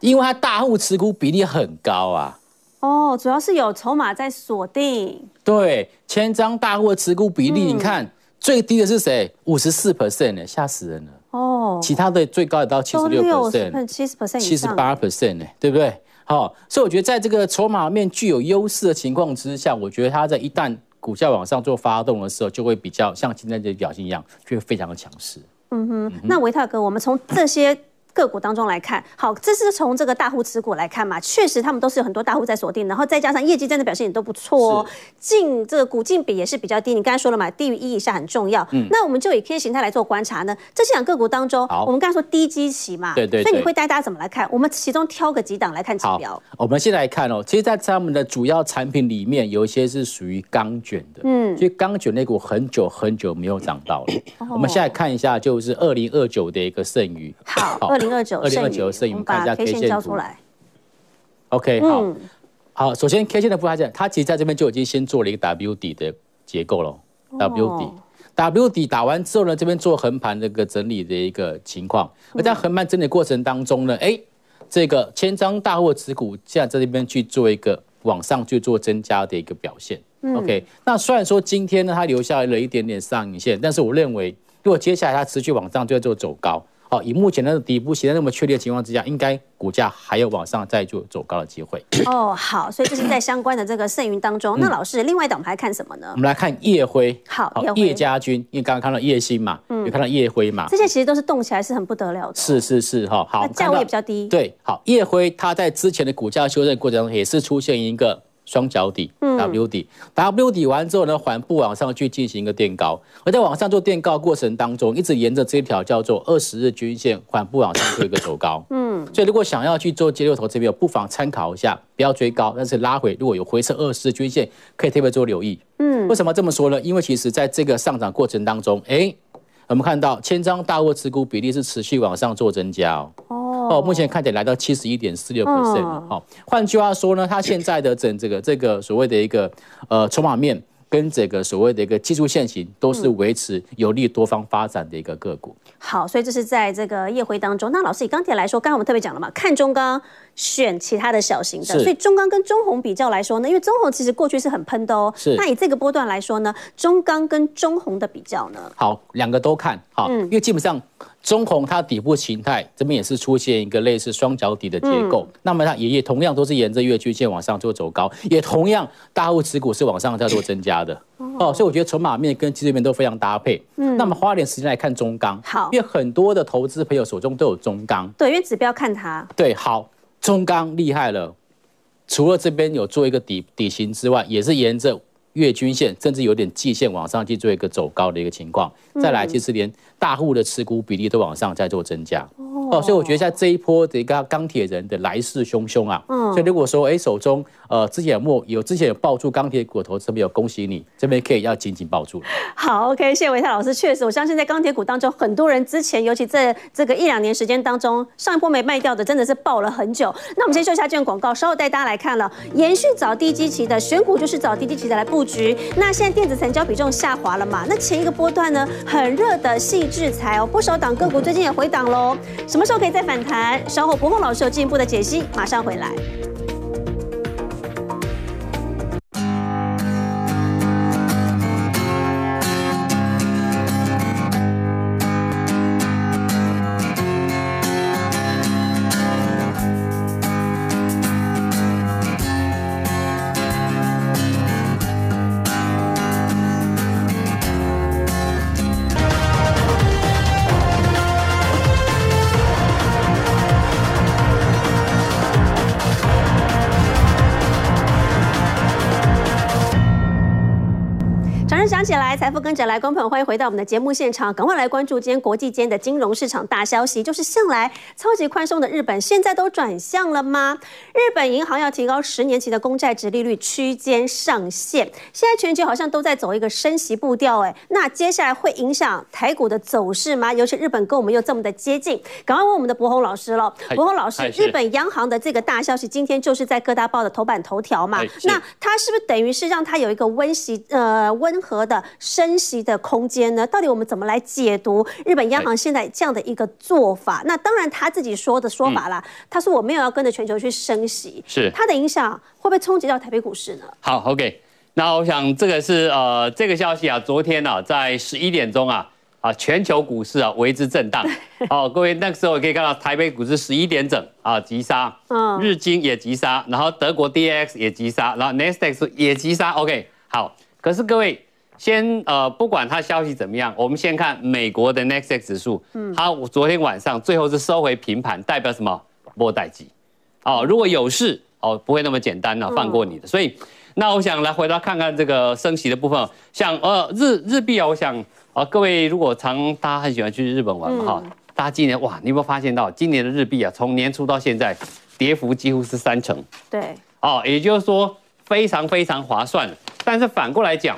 因為它大戶持股比例很高啊。哦，主要是有籌碼在鎖定。對，千張大戶的持股比例，你看。最低的是誰？五十四 percent 哎，嚇、欸、死人了！哦，oh, 其他的最高也到七十六 percent，七十 percent 以上，七十八 percent 呢？對不對？好，所以我覺得在這個籌碼面具有優勢的情況之下，我覺得它在一旦股價往上做發動的時候，就會比較像今天這表現一樣，就會非常的強勢。嗯哼，那唯泰哥，我們從這些。 個股當中來看，好，這是從這個大戶持股來看嘛，確實他們都是有很多大戶在鎖定，然後再加上業績真的表現也都不錯哦，淨是這個股淨比也是比較低。你剛才說了嘛，低於一以下很重要。嗯，那我們就以 K 形態來做觀察呢。這市場個股當中，好我們剛才說低基期嘛，對，對對，所以你會帶大家怎麼來看？我們其中挑個幾檔來看指標。好，我們先來看哦，其實，在他們的主要產品裡面，有一些是屬於鋼卷的，嗯，所以鋼卷那股很久很久沒有漲到了。 我們現在看一下，就是二零二九的一個盛餘。好。二零二九，二零二九所以，我們看一下 K 線圖出來。OK，好，嗯、好，首先 K 線的部分，它其實在這邊就已經先做了一個 W 底的結構了。哦、W 底，W 底打完之後呢，這邊做橫盤這個整理的一個情況。而在橫盤整理過程當中呢，哎、嗯欸，這個千張大戶持股現在在這邊去做一個往上去做增加的一個表現。嗯、OK，那雖然說今天呢它留下了一點點上影線，但是我認為如果接下來它持續往上，就要做走高。哦，以目前的底部形態那麼確立的情況之下，應該股價還有往上再做走高的機會。哦，好，所以就是在相關的這個剩馀當中， 那老師另外一檔我們還看什麼呢？嗯、我們來看燁輝，好，燁家軍，因為剛剛看到燁興嘛，嗯、有看到燁輝嘛，這些其實都是動起來是很不得了的。是是是哈，好，價位也比較低。對，好，燁輝它在之前的股價修正過程中也是出現一個。雙腳底，W 底，W 底完之後呢，緩步往上去進行一個墊高，而在往上做墊高過程當中，一直沿着這一條叫做二十日均線，緩步往上做一個走高。 嗯，所以如果想要去做接六頭這邊，不妨參考一下，不要追高，但是拉回如果有回撤二十日均線，可以特別做留意。嗯，為什麼這麼說呢？因為其實在這個上漲過程當中，哎、欸，我們看到千張大戶持股比例是持續往上做增加哦。哦，目前看起來來到七十一點四六 percent 好，換、哦哦、句話說呢，它現在的整，整這個這個所謂的一個呃籌碼面跟這個所謂的一個技術線型都是維持有利多方發展的一個個股、嗯。好，所以這是在這個夜會當中，那老師以鋼鐵來說，剛剛我們特別講了嘛，看中鋼選其他的小型的，是所以中鋼跟中鴻比較來說呢，因為中鴻其實過去是很噴的哦。是。那以這個波段來說呢，中鋼跟中鴻的比較呢？好，兩個都看好，嗯、因為基本上。中紅它，底部形態這邊也是出現一個類似雙腳底的結構，嗯、那麼它也同樣都是沿着月均線往上做走高，嗯、也同樣大戶持股是往上再做增加的哦，哦，所以我覺得籌碼面跟技術面都非常搭配。嗯，那麼花點時間來看中鋼好，因為很多的投資朋友手中都有中鋼，對，因為指標看它對好中鋼厲害了，除了這邊有做一個底底型之外，也是沿着。月均線甚至有點季線往上去做一個走高的一個情況，再來就是連大戶的持股比例都往上在做增加，嗯、哦，所以我覺得在這一波的一個鋼鐵人的來勢洶洶啊，嗯、所以如果說哎、欸、手中。呃，之前有沒有之前有抱住鋼鐵股頭，這邊有恭喜你，這邊可以要緊緊抱住。好，OK，謝謝唯泰老師，確實，我相信在鋼鐵股當中，很多人之前，尤其在這個一兩年時間當中，上一波沒賣掉的，真的是抱了很久。那我們先說一下這段廣告，稍後帶大家來看了。延續找低基期的選股，就是找低基期的來布局。那現在電子成交比重下滑了嘛？那前一個波段呢，很熱的矽智財哦，不少檔個股最近也回檔嘍。什麼時候可以再反彈？稍後柏宏老師有進一步的解析，馬上回來。來，還不跟着來觀眾朋友，歡迎回到我們的節目現場。趕快來關注今天國際間的金融市場大消息，就是向來超級寬鬆的日本，現在都轉向了嗎？日本銀行要提高十年期的公債殖利率區間上限。現在全球好像都在走一個升息步調，哎，那接下來會影響台股的走勢嗎？尤其日本跟我們又這麼的接近，趕快問我們的柏宏老師了。柏宏老師，日本央行的這個大消息今天就是在各大報的頭版頭條嘛？那它是不是等於是讓它有一個溫習呃溫和的？升息的空間呢？到底我們怎麼來解讀日本央行現在這樣的一個做法？嗯、那當然他自己說的說法啦。他說，我沒有要跟着全球去升息，是它的影響會不會衝擊到台北股市呢？好，OK，那我想這個是呃這個消息啊，昨天啊在十一點鐘啊啊全球股市啊為之震盪。好、 哦，各位那個時候可以看到台北股市十一點整啊急殺，嗯，日經也急殺，嗯、然後德國 DAX 也急殺，然後 Nasdaq 也急殺。OK，好，可是各位。先呃，不管它消息怎麼樣，我們先看美國的那斯達克指數，嗯，它昨天晚上最後是收回平盤，代表什麼？莫待機，哦，如果有事哦，不會那麼簡單呢、哦，放過你的。嗯、所以，那我想來回頭看看這個升息的部分，像呃日日幣啊、哦，我想啊、呃，各位如果常大家很喜歡去日本玩哈，嗯、大家今年哇，你有沒有發現到今年的日幣啊，從年初到現在，跌幅幾乎是三成，對，哦，也就是說非常非常划算，但是反過來講。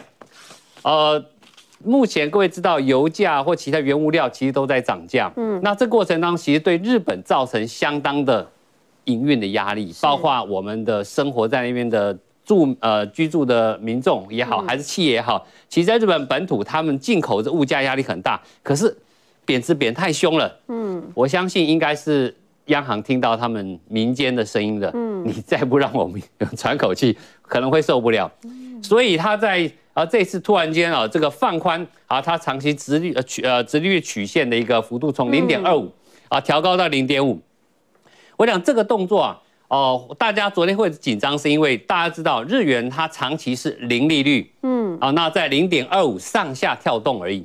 呃，目前各位知道，油價或其他原物料其實都在漲價。嗯，那這過程當中，其實對日本造成相當的營運的壓力，是包括我們的生活在那邊的住呃居住的民眾也好，還是企業也好，嗯、其實在日本本土，他們進口的物價壓力很大。可是貶值貶太凶了。嗯，我相信應該是央行聽到他們民間的聲音了。嗯，你再不讓我們喘口氣，可能會受不了。所以他在。而、啊、這一次突然間啊，這個放寬啊，它長期殖利率呃曲呃殖利率曲線的一個幅度從零點二五啊調高到零點五，我想這個動作啊，哦、啊，大家昨天會緊張是因為大家知道日元它長期是零利率，嗯，啊，那在零點二五上下跳動而已。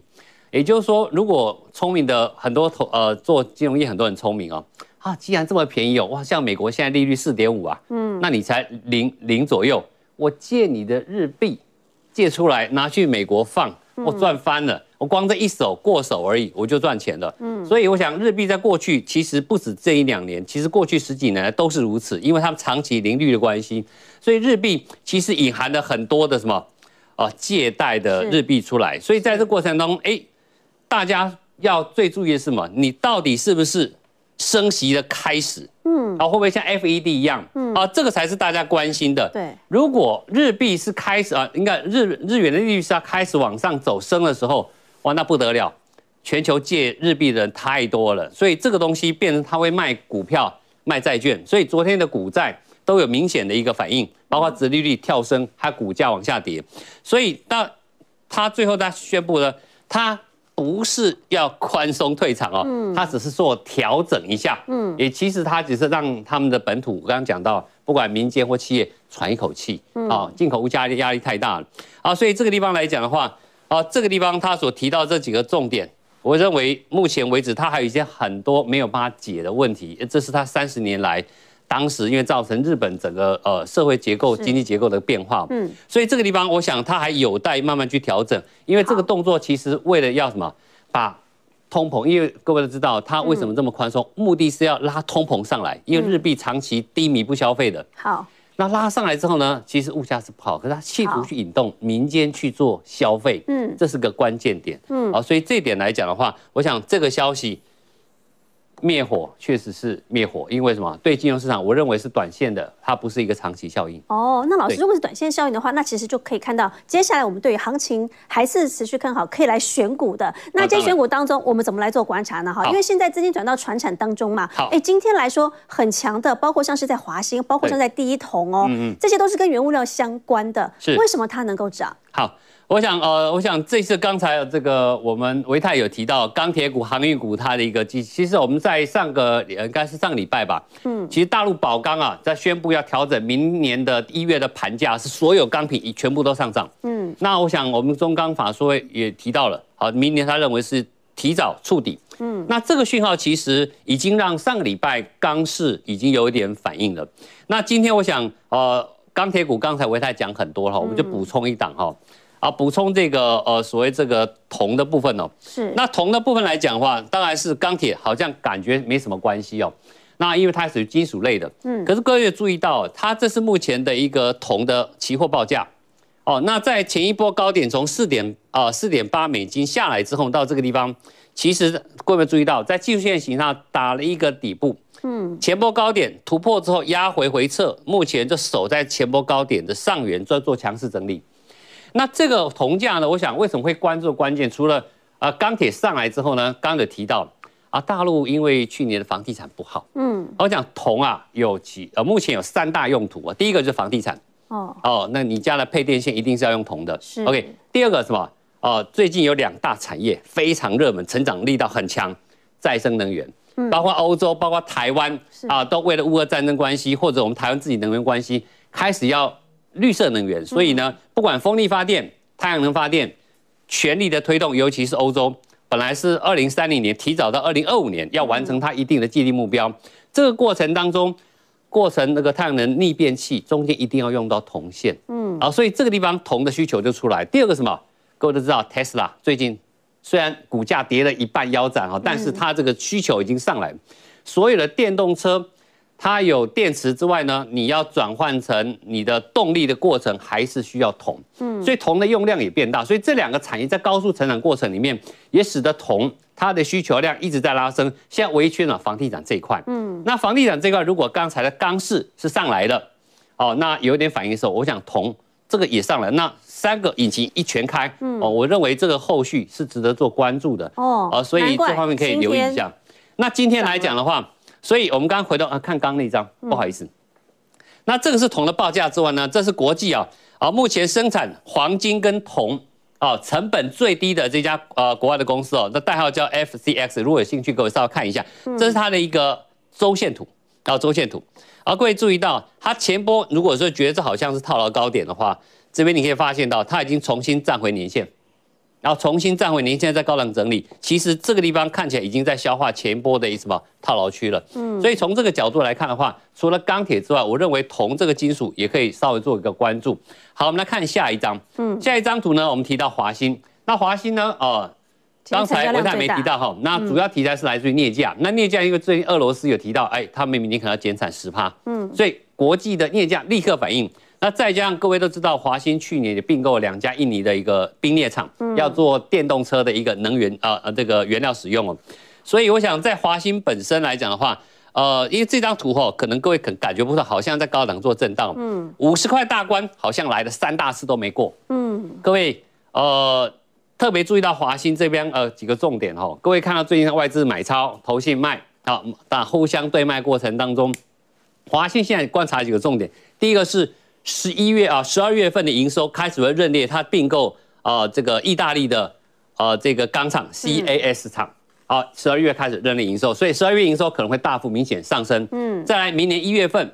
也就是說，如果聰明的很多投呃做金融業很多人聰明啊、哦，啊，既然這麼便宜哦，哇，像美國現在利率四點五啊，嗯，那你才零零左右，我借你的日幣，借出來拿去美國放，我賺翻了。我光這一手過手而已，我就賺錢了。嗯，所以我想日幣在過去其實不止這一兩年，其實過去十幾年來都是如此，因為它們長期零利率的關係，所以日幣其實隱含了很多的什麼啊借貸的日幣出來，所以在這過程當中，哎、欸，大家要最注意的是什麼？你到底是不是？升息的開始，嗯，啊，會不會像 FED 一樣，嗯，啊，這個才是大家關心的。嗯、對，如果日幣是開始啊，應該日日元的利率是要開始往上走升的時候，哇，那不得了，全球借日幣的人太多了，所以這個東西變成他會賣股票、賣債券，所以昨天的股債都有明顯的一個反應，包括殖利率跳升，它、嗯、股價往下跌，所以那他最後他宣布了，他。不是要寬鬆退場哦，他、嗯、只是做調整一下，嗯，也其實他只是讓他們的本土，我剛剛講到，不管民間或企業喘一口氣，啊、哦，進口物價壓力，力太大了，啊，所以這個地方來講的話，啊，這個地方他所提到這幾個重點，我認為目前為止他還有一些很多沒有辦法解的問題，這是他三十年來。當時因為造成日本整個呃社會結構、經濟結構的變化，嗯，所以這個地方我想它還有待慢慢去調整，因為這個動作其實為了要什麼，把通膨，因為各位都知道它為什麼這麼寬鬆，嗯、目的是要拉通膨上來，因為日幣長期低迷不消費的，好、嗯，那拉上來之後呢，其實物價是不好，可是它企圖去引動好民間去做消費，嗯，這是個關鍵點，嗯，好，所以這一點來講的話，我想這個消息。滅火確實是滅火，因為什麼？對金融市場，我認為是短線的，它不是一個長期效應。哦，那老師如果是短線效應的話，對那其實就可以看到接下來我們對於行情還是持續看好，可以來選股的。那這選股當中，我們怎麼來做觀察呢？哈、哦，因為現在資金轉到傳產當中嘛。好，哎、欸，今天來說很強的，包括像是在華新，包括像在第一銅哦，嗯嗯這些都是跟原物料相關的。是，為什麼它能夠漲？好。我想呃，我想這次剛才這個我們唯泰有提到鋼鐵股、航運股它的一個機，其實我們在上個應該是上個禮拜吧，嗯，其實大陸寶鋼啊在宣布要調整明年的一月的盤價，是所有鋼品全部都上漲，嗯，那我想我們中鋼法說也提到了，好，明年他認為是提早觸底，嗯，那這個訊號其實已經讓上個禮拜鋼市已經有一點反應了，那今天我想呃鋼鐵股剛才唯泰講很多了，我們就補充一檔哈、哦。嗯嗯啊，補充這個呃，所謂這個銅的部分哦，是。那銅的部分來講的話，當然是鋼鐵，好像感覺沒什麼關係哦。那因為它屬於金屬類的，嗯。可是各位注意到，它這是目前的一個銅的期貨報價，哦。那在前一波高點從四點啊四點八美金下來之後，到這個地方，其實各位有注意到，在技術線型上打了一個底部，嗯。前波高點突破之後壓回回撤，目前就守在前波高點的上緣，做做強勢整理。那這個銅價呢，我想為什麼會關注關鍵，除了呃鋼鐵上來之後呢，剛剛有提到啊，大陸因為去年的房地產不好，嗯，我講銅啊有幾呃目前有三大用途啊。第一個就是房地產，哦哦、呃，那你家的配電線一定是要用銅的，是 OK。第二個什麼？哦、呃，最近有兩大產業非常熱門，成長力道很強，再生能源，包括歐洲，包括台灣，啊，都為了烏俄戰爭關係或者我們台灣自己能源關係開始要。綠色能源，所以呢，不管風力發電、太陽能發電，全力的推動，尤其是歐洲，本來是二零三零年提早到二零二五年要完成它一定的既定目標。嗯、這個過程當中，過程那個太陽能逆變器中間一定要用到銅線，嗯，啊，所以這個地方銅的需求就出來。第二個什麼，各位都知道，Tesla 最近雖然股價跌了一半腰斬哈，但是它這個需求已經上來、嗯、所有的電動車。它有電池之外呢，你要轉換成你的動力的過程還是需要銅，嗯，所以銅的用量也變大，所以這兩個產業在高速成長過程裡面，也使得銅它的需求量一直在拉升。現在圍圈了房地產這一塊，嗯，那房地產這塊如果剛才的鋼市是上來的，嗯、哦，那有一點反應的時候，我想銅這個也上來，那三個引擎一全開，嗯、哦，我認為這個後續是值得做關注的，哦，好，哦，所以怪這方面可以留意一下。今天那今天來講的話。所以，我們剛剛回到啊，看剛剛那張，不好意思。嗯、那這個是銅的報價之外呢，這是國際啊，啊目前生產黃金跟銅啊，成本最低的這家啊，國外的公司哦，那代號叫 FCX。如果有興趣，各位稍微看一下，這是它的一個周線圖，然後周線圖。啊，啊、各位注意到，它前波如果說覺得這好像是套牢高點的話，這邊你可以發現到，它已經重新站回年線。然後重新站回您，現在在高檔整理，其實這個地方看起來已經在消化前波的什麼套牢區了。所以從這個角度來看的話，除了鋼鐵之外，我認為銅這個金屬也可以稍微做一個關注。好，我們來看下一張。下一張圖呢，我們提到華興。那華興呢？哦，剛才唯泰沒提到哈、哦。那主要題材是來自於鎳價。那鎳價因為最近俄羅斯有提到，哎，他們明年可能要減產十趴。所以國際的鎳價立刻反應。那再加上各位都知道，華新去年也併購兩家印尼的一個冰鎳廠，要做電動車的一個能源啊、嗯、呃這個原料使用哦，所以我想在華新本身來講的話，呃因為這張圖吼，可能各位感覺不到，好像在高檔做震盪，五十塊大關好像來的三大事都沒過，嗯、各位呃特別注意到華新這邊呃幾個重點吼，各位看到最近的外資買超，投信賣好、啊，但互相對賣過程當中，華新現在觀察幾個重點，第一個是。十一月啊，十二月份的營收開始會認列，它併購啊這個意大利的呃這個鋼廠 C A S 廠啊，十二月開始認列營收，所以十二月營收可能會大幅明顯上升。嗯，再來明年一月份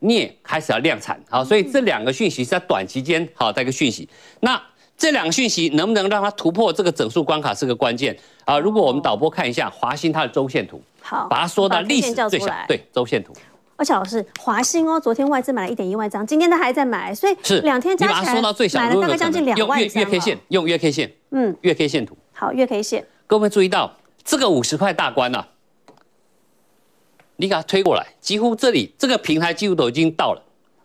鎳開始要量產，好，所以這兩個訊息是在短期間好的一個訊息。那這兩個訊息能不能讓它突破這個整數關卡是個關鍵啊？如果我們導播看一下華新它的周線圖，好，把它縮到歷史最小，對，周線圖。而且老師華興哦，昨天外資買了一點一萬張，今天他還在買，所以是兩天加起來買了大概將近兩萬張哦。萬哦，用月月 K 線，用月 K 線，嗯，月 K 線圖。好，月 K 線。各位注意到這個五十塊大關呢？啊？你給它推過來，幾乎這裡這個平台幾乎都已經到了。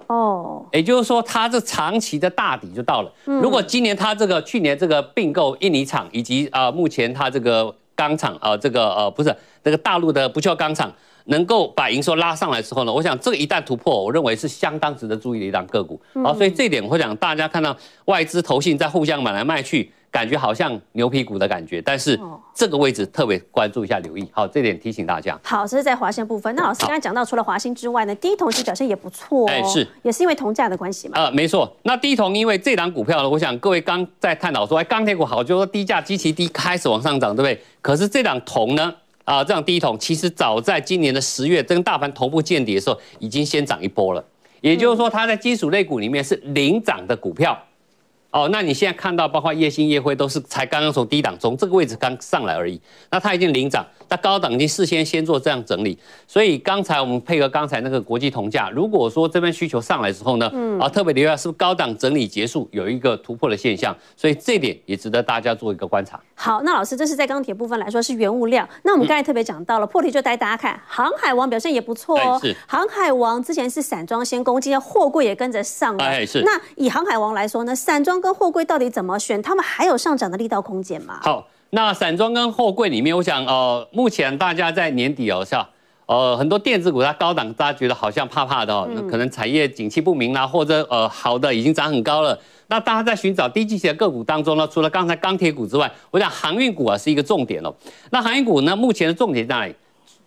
哦。也就是說，它這長期的大底就到了。如果今年它這個去年這個併購印尼廠，以及啊、呃、目前它這個鋼廠啊這個呃不是那、這個大陸的不鏽鋼廠。能夠把營收拉上來之後呢，我想這個一旦突破，我認為是相當值得注意的一檔個股啊。所以這一點我想，大家看到外資投信在互相買來賣去，感覺好像牛皮股的感覺，但是這個位置特別關注一下，留意好，這一點提醒大家。嗯、好，這是在華新部分。嗯、那老師剛剛講到，除了華新之外呢，第一銅其實表現也不錯、喔。欸、是，也是因為銅價的關係嘛。呃，沒錯。那第一銅因為這檔股票呢，我想各位剛在探討說，哎，鋼鐵股好，就說低價基期低開始往上漲，對不對？可是這檔銅呢？啊，這樣低一桶，其實早在今年的十月跟大盤同步見底的時候，已經先漲一波了。也就是說，它在金屬類股裡面是領漲的股票。哦，那你現在看到，包括燁興、燁輝都是才剛剛從低檔從這個位置剛上來而已，那它已經領漲。那高檔已經事先先做這樣整理，所以剛才我們配合剛才那個國際銅價，如果說這邊需求上來的時候，嗯、之後呢，啊，特別留意下是不是高檔整理結束有一個突破的現象，所以這點也值得大家做一個觀察。好，那老師這是在鋼鐵部分來說是原物料，那我們剛才特別講到了，嗯、破題就帶大家看，航海王表現也不錯哦。欸、是航海王之前是散裝先攻，今天貨櫃也跟着上了。哎、欸，是。那以航海王來說呢，散裝跟貨櫃到底怎麼選？他們還有上漲的力道空間嗎？好。那散裝跟貨櫃裡面，我想呃，目前大家在年底哦，像呃，很多電子股它高檔，大家覺得好像怕怕的哦，嗯、可能產業景氣不明啦、啊，或者呃好的已經漲很高了。那大家在尋找低基期的個股當中呢，除了剛才鋼鐵股之外，我想航運股啊是一個重點哦。那航運股呢，目前的重點在哪裡？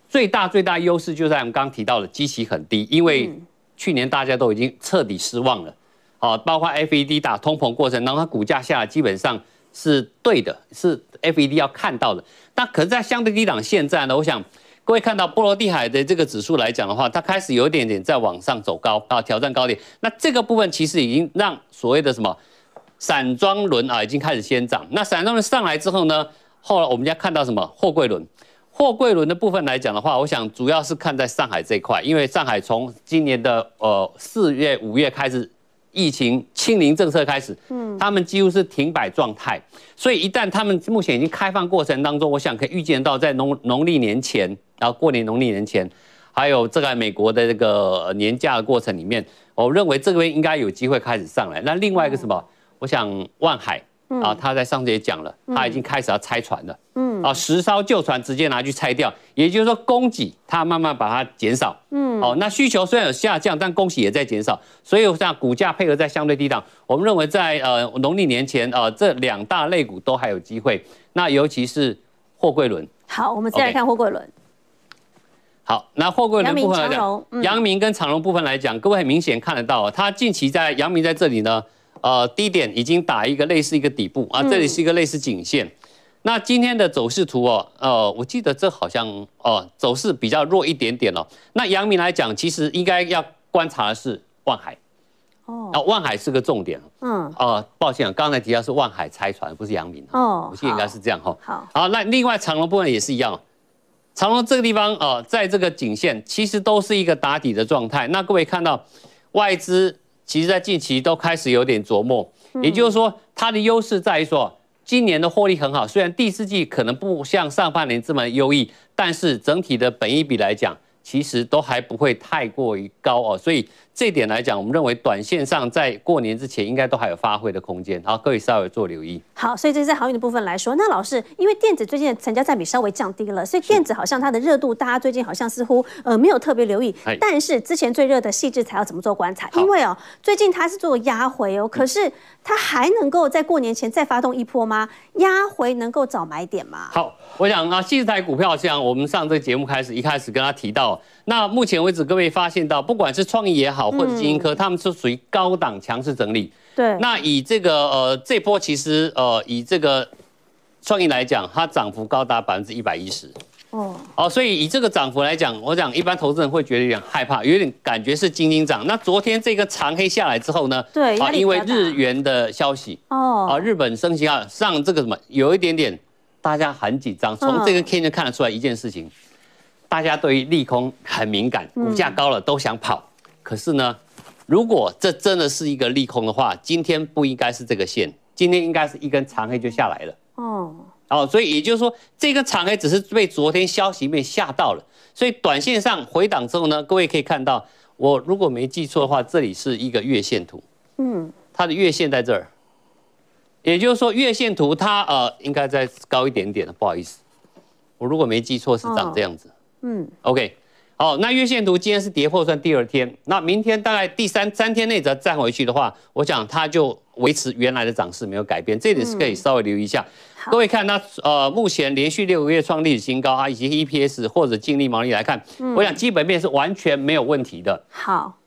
最大最大優勢就在我們剛剛提到的基期很低，因為去年大家都已經徹底失望了，好、嗯啊，包括 FED 打通膨過程當中，然後它股價下基本上。是對的，是 FED 要看到的。那可是，在相對低檔現在呢，我想各位看到波羅的海的這個指數來講的話，它開始有一點點在往上走高啊，挑戰高點。那這個部分其實已經讓所謂的什麼散裝輪啊，已經開始先漲。那散裝輪上來之後呢，後來我們要看到什麼貨櫃輪？貨櫃輪的部分來講的話，我想主要是看在上海這一塊，因為上海從今年的呃四月、五月開始。疫情清零政策開始，嗯，他們幾乎是停擺狀態，嗯、所以一旦他們目前已經開放過程當中，我想可以預見到在農農曆年前，然後過年農曆年前，還有這個美國的這個年假的過程裡面，我認為這個月應該有機會開始上來。那另外一個什麼？嗯、我想萬海。啊，他在上次也講了，他已經開始要拆船了。嗯，啊，十艘舊船直接拿去拆掉，嗯、也就是說供給它慢慢把它減少。嗯，好、哦，那需求雖然有下降，但供給也在減少，所以我想股價配合在相對低檔。我們認為在呃農曆年前啊、呃，這兩大類股都還有機會。那尤其是貨櫃輪。好，我們接下來看貨櫃輪。Okay. 好，那貨櫃輪部分來講，陽明、嗯、陽明跟長榮部分來講，各位很明顯看得到，他近期在陽明在這裡呢。呃，低點已經打一個類似一個底部啊，這裡是一個類似頸線。嗯、那今天的走勢圖哦，呃，我記得這好像哦、呃，走勢比較弱一點點哦。那陽明來講，其實應該要觀察的是萬海。哦，啊，萬海是個重點。哦、嗯呃。抱歉、啊，剛才提到是萬海拆船，不是陽明。哦。我記得應該是這樣哈、哦。好，好，好。那另外長榮部分也是一樣。長榮這個地方哦、呃，在這個頸線其實都是一個打底的狀態。那各位看到外資。其實，在近期都開始有點琢磨，也就是說，它的優勢在於說，今年的獲利很好，雖然第四季可能不像上半年這麼優異，但是整體的本益比來講，其實都還不會太過於高哦，所以。這一點來講，我們認為短線上在過年之前應該都還有發揮的空間。好，各位稍微做留意。好，所以這是在航運的部分來說。那老師，因為電子最近的成交占比稍微降低了，所以電子好像它的熱度，大家最近好像似乎呃沒有特別留意。是，但是之前最熱的矽智財要怎麼做觀察？哎、因為哦，好最近它是做壓回哦，可是它還能夠在過年前再發動一波嗎？嗯、壓回能夠早買點嗎？好，我想啊，矽智財股票像我們上這個節目開始一開始跟他提到，那目前為止各位發現到，不管是創意也好。或者精英科，嗯、他們是屬於高檔強勢整理。對。那以這個呃，這波其實呃，以這個創意來講，它漲幅高達百分之一百一十。哦。哦、呃，所以以這個漲幅來講，我講一般投資人會覺得有點害怕，有點感覺是驚驚漲。那昨天這個長黑下來之後呢，對。啊、呃，因為日元的消息。哦。啊、呃，日本升息啊，上這個什麼，有一點點，大家很緊張。從這個 K、線、就看得出來一件事情，哦、大家對於利空很敏感，股價、嗯、高了都想跑。可是呢，如果這真的是一個利空的話，今天不應該是這個線，今天應該是一根長黑就下來了。哦，哦，所以也就是說，這個長黑只是被昨天消息面嚇到了，所以短線上回檔之後呢，各位可以看到，我如果沒記錯的話，這裡是一個月線圖。嗯，它的月線在這兒，也就是說月線圖它呃應該再高一點點的，不好意思，我如果沒記錯是長這樣子。哦、嗯，OK。好，那月線圖今天是跌破，算第二天。那明天大概第三三天內再再站回去的話，我想它就維持原來的漲勢，沒有改變。這點是可以稍微留意一下。嗯、各位看，那呃，目前連續六個月創歷史新高啊，以及 EPS 或者淨利毛利來看，嗯、我想基本面是完全沒有問題的。好，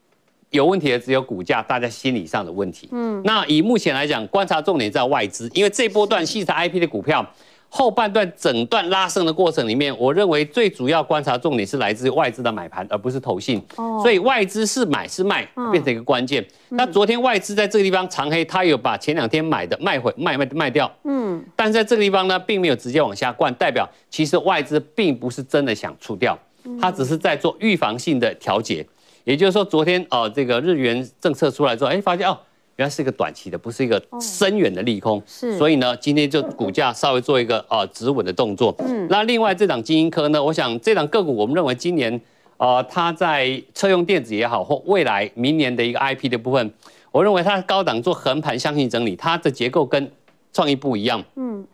有問題的只有股價，大家心理上的問題。嗯，那以目前來講，觀察重點在外資，因為這波段細是 IP 的股票，後半段整段拉升的過程裡面，我認為最主要觀察重點是來自外資的買盤，而不是投信。Oh. 所以外資是買是賣，變成一個關鍵。Oh. 那昨天外資在這個地方長、oh. 黑，他有把前兩天買的賣回賣賣賣掉。嗯，oh. 但是在這個地方呢，並沒有直接往下灌，代表其實外資並不是真的想出掉，他只是在做預防性的調節。Oh. 也就是說，昨天哦、呃，這個日元政策出來之後，哎、欸，發現哦。原來是一個短期的，不是一個深遠的利空，哦、是，所以呢，今天就股價稍微做一個啊止穩的動作。嗯，那另外這檔晶心科呢，我想這檔個股，我們認為今年啊、呃，它在車用電子也好，或未來明年的一個 I P 的部分，我認為它高檔做橫盤箱形整理，它的結構跟創意不一樣。嗯，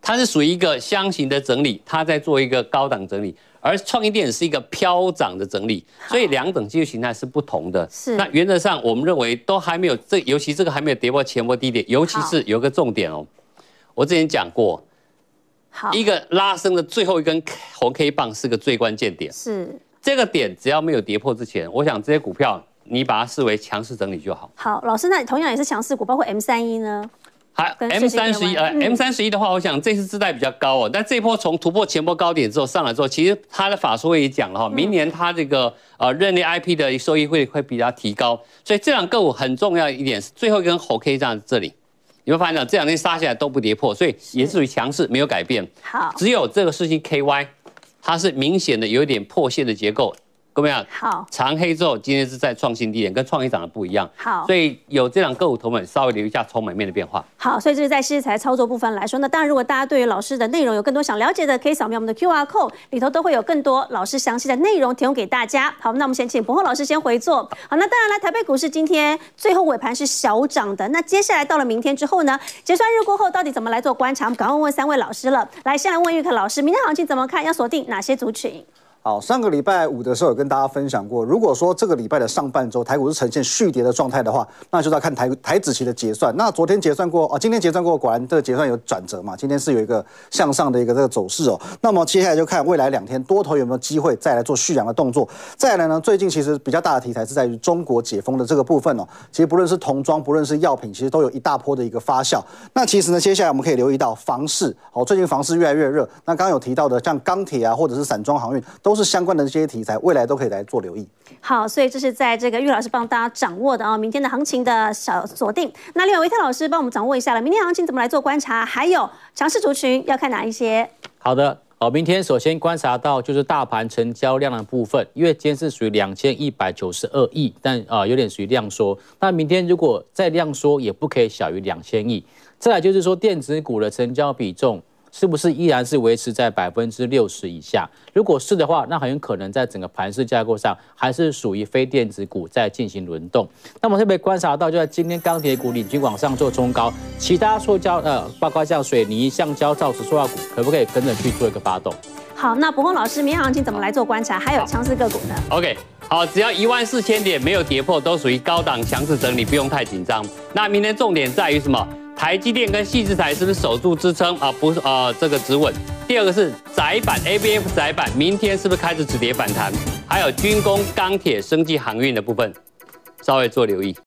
它是屬於一個箱型的整理，它在做一個高檔整理。而創意電影是一個飄漲的整理，所以兩種技術形態是不同的。是那原則上，我們認為都還沒有這，尤其這個還沒有跌破前波低點，尤其是有個重點哦。好，我之前講過，好一個拉升的最後一根紅 K 棒是個最關鍵點。是這個點只要沒有跌破之前，我想這些股票你把它視為強勢整理就好。好，老師，那同樣也是強勢股，包括 M 三一呢？好，M 三十一，m 三十一的話，我想這次自帶比較高哦。嗯、但這波從突破前波高點之後上來之後，其實它的法說也講了哈，明年它這個呃認列 IP 的收益會會比較提高。所以這兩個股很重要一點是最後一根紅 K 站在這裡，你會發現這兩天殺下來都不跌破，所以也屬於強勢，沒有改變。好，只有這個世芯 KY，它是明顯的有點破線的結構。各位、啊、好，長黑之後今天是在創新低點，跟創意漲的不一樣。好，所以有這兩個股頭們稍微留一下籌碼面的變化。好，所以這是在實時操作部分來說，那當然，如果大家對於老師的內容有更多想了解的，可以掃描我們的 QR code，裡頭都會有更多老師詳細的內容提供給大家。好，那我們先請柏宏老師先回座。好，那當然了，台北股市今天最後尾盤是小漲的。那接下來到了明天之後呢，結算日過後到底怎麼來做觀察，我們趕快問問三位老師了。來，先來問鈺凱老師，明天行情怎麼看？要鎖定哪些族群？好，上個禮拜五的時候有跟大家分享過，如果說這個禮拜的上半周台股是呈現續跌的狀態的話，那就要看台台指期的結算。那昨天結算過哦，今天結算過，果然這個結算有轉折嘛？今天是有一個向上的一個這個走勢哦。那麼接下來就看未來兩天多頭有沒有機會再來做續揚的動作。再來呢，最近其實比較大的題材是在於中國解封的這個部分哦。其實不論是童裝，不論是藥品，其實都有一大波的一個發酵。那其實呢，接下來我們可以留意到房市哦，最近房市越來越熱。那剛剛有提到的像鋼鐵啊，或者是散裝航運都。都是相關的這些題材，未來都可以來做留意。好，所以這是在這個鈺老師幫大家掌握的啊、哦，明天的行情的小鎖定。那另外唯泰老師幫我們掌握一下了，明天行情怎麼來做觀察？還有強勢族群要看哪一些？好的，好、哦，明天首先觀察到就是大盤成交量的部分，因為今天是屬於兩千一百九十二億，但啊、呃、有點屬於量縮。那明天如果再量縮，也不可以小於兩千億。再來就是說電子股的成交比重。是不是依然是維持在百分之六十以下？如果是的話，那很有可能在整個盤勢架構上還是屬於非電子股在進行輪動。那我們特別觀察到，就在今天鋼鐵股領軍往上做衝高，其他塑膠呃，包括像水泥、橡膠、橡膠造紙、塑化股，可不可以跟着去做一個發動？好，那柏宏老師明天行情怎麼來做觀察？好還有強勢個股呢？OK，好，只要一萬四千點沒有跌破，都屬於高檔強勢整理，不用太緊張。那明天重點在於什麼？台積電跟細致台是不是守住支撐啊？不是啊，這個止穩。第二個是載板 ABF 載板，明天是不是開始止跌反彈？還有軍工、鋼鐵、生技航運的部分，稍微做留意。